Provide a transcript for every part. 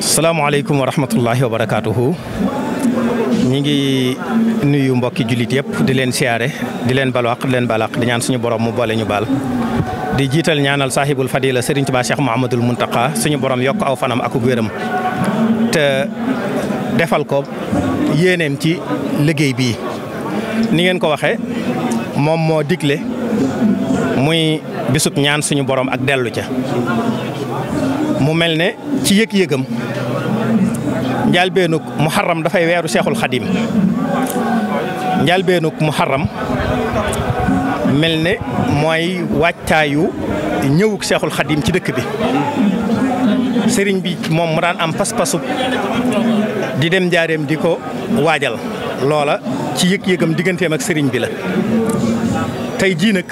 salaamaaleykum wa rahmatullahi wa barakaatuhu ñi ngi nuyu mbokki jullit yëpp di leen siyaare di leen balwaq di leen balaq di ñaan suñu borom mu boole ñu baal di jiital ñaanal saahibul fadila sëriñ Tuubaa Cheikh Mouhamadul Muntaqa suñu borom yokk aw fanam ak wéram te defal ko yéeneem ci liggéey bi ni ngeen ko waxee moom moo digle muy bisub ñaan suñu borom ak delu ca mu melne ci yek yegam yëgam benuk muharram wéru cheikhul khadim xadim benuk muharram Melne moy waccayu ñewuk cheikhul khadim ci dëkk bi serigne bi mom mu daan am pass passu di dem jaarem diko wajal lola ci yek yegam digganteem ak serigne bi la tey jii nag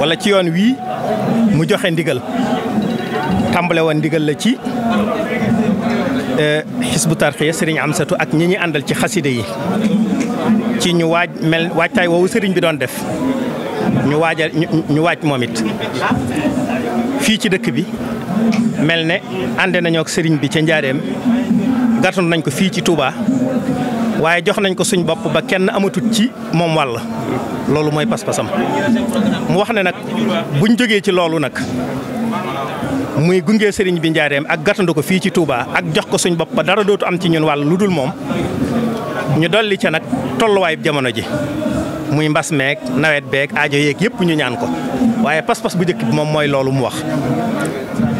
wala ci yoon wii mu joxe ndigal tàmbale woon ndigal la ci xisbu e, tarxiya sëriñ Amsatu ak ñi ñi àndal ci xaside yi ci ñu waaj mel waajtaay woowu sëriñ bi doon def ñu waajal ñu waaj moom fii ci dëkk bi mel ne ànde nañoo sëriñ bi ca njaareem gàttandu nañ ko fii ci Touba waaye jox nañ ko suñ bopp ba kenn amatut ci moom wàll loolu mooy pas-pasam mu wax ne nag buñ jógee ci loolu nag muy gunge sëriñ bi njaareem ak gàttandu ko fii ci tuubaa ak jox ko suñ bopp ba dara dootu am ci ñun wàll lu dul moom ñu dolli ca nag tolluwaayub jamono ji muy mbas meeg nawet beeg aajo yeeg yëpp ñu ñaan ko waaye pas-pas bu njëkk bi moom mooy loolu mu wax.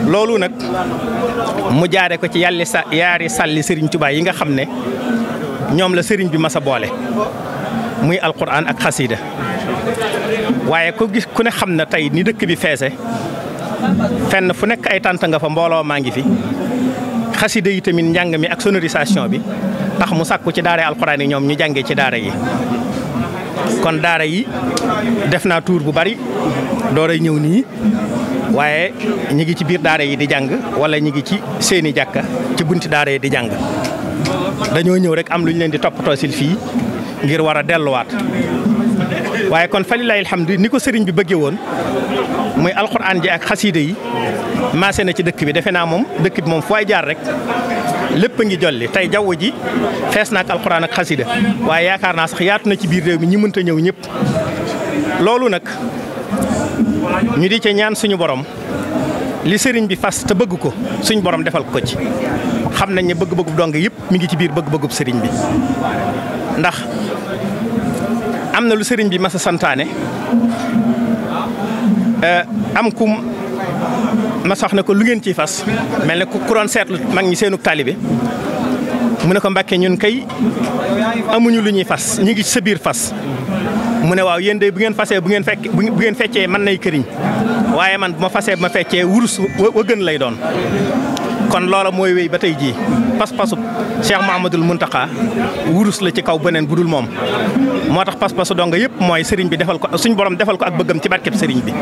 loolu nag mu jaare ko ci yàlla sa yaari salli sëriñ Touba yi nga xam ne ñoom la sëriñ bi mas a boole muy alquran ak xasida waaye ku gis ku ne xam na tey ni dëkk bi feese fenn fu nekk ay tànt nga fa mbooloo maa ngi fi xasida yi tamit njàng mi ak sonorisation bi tax mu sàkku ci daara alquran yi ñoom ñu jàngee ci daara yi kon daara yi def naa tuur bu bari door ñëw nii waaye ñi ngi ci biir daara yi di jàng wala ñi ngi ci seeni jàkka ci bunt daara yi di jàng dañoo ñëw rek am lu ñu leen di toppatoo sil fii ngir war a delluwaat waaye kon falilaahi alhamdu ni ko sëriñ bi bëggee woon muy alxuraan ji ak xasiida yi maase na ci dëkk bi defe naa moom dëkk bi moom fooy jaar rek lépp a ngi jolli tey jaww ji fees na ak alxuraan ak xasida waaye yaakaar naa sax yaatu na ci biir réew mi ñi mënta ñëw ñëpp loolu nag ñu di ca ñaan suñu borom li sëriñ bi fas te bëgg ko suñu borom defal ko ci xam nañ ne bëgg-bëggub dong yëpp mi ngi ci biir bëgg-bëggub sëriñ bi ndax am na lu sëriñ bi mas santaane am kum ma sax ne ko lu ngeen ciy fas mel ne ku kuroon seetlu mag ñi seenu taalibe mu ne ko Mbàkke ñun kay amuñu lu ñuy fas ñu ngi sa biir fas mu ne waaw yéen de bu ngeen fasee bu ngeen bu ngeen feccee man nay këriñ waaye man bu ma fasee bu ma feccee wurus wa gën lay doon kon loola mooy wéy ba tey jii pas-pasub Cheikh Mouhamadul Mountakha wurus la ci kaw beneen bu dul moom moo tax pas-pasu donga yëpp mooy sëriñ bi defal ko suñ borom defal ko ak bëggam ci barkeb sëriñ bi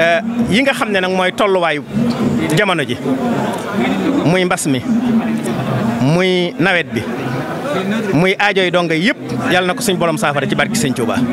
eh, yi nga xam ne nag mooy tolluwaayu jamono ji muy mbas mi muy nawet bi muy aajoy donga yëpp yàlla na ko suñ borom saafara ci barki sëñ Tuuba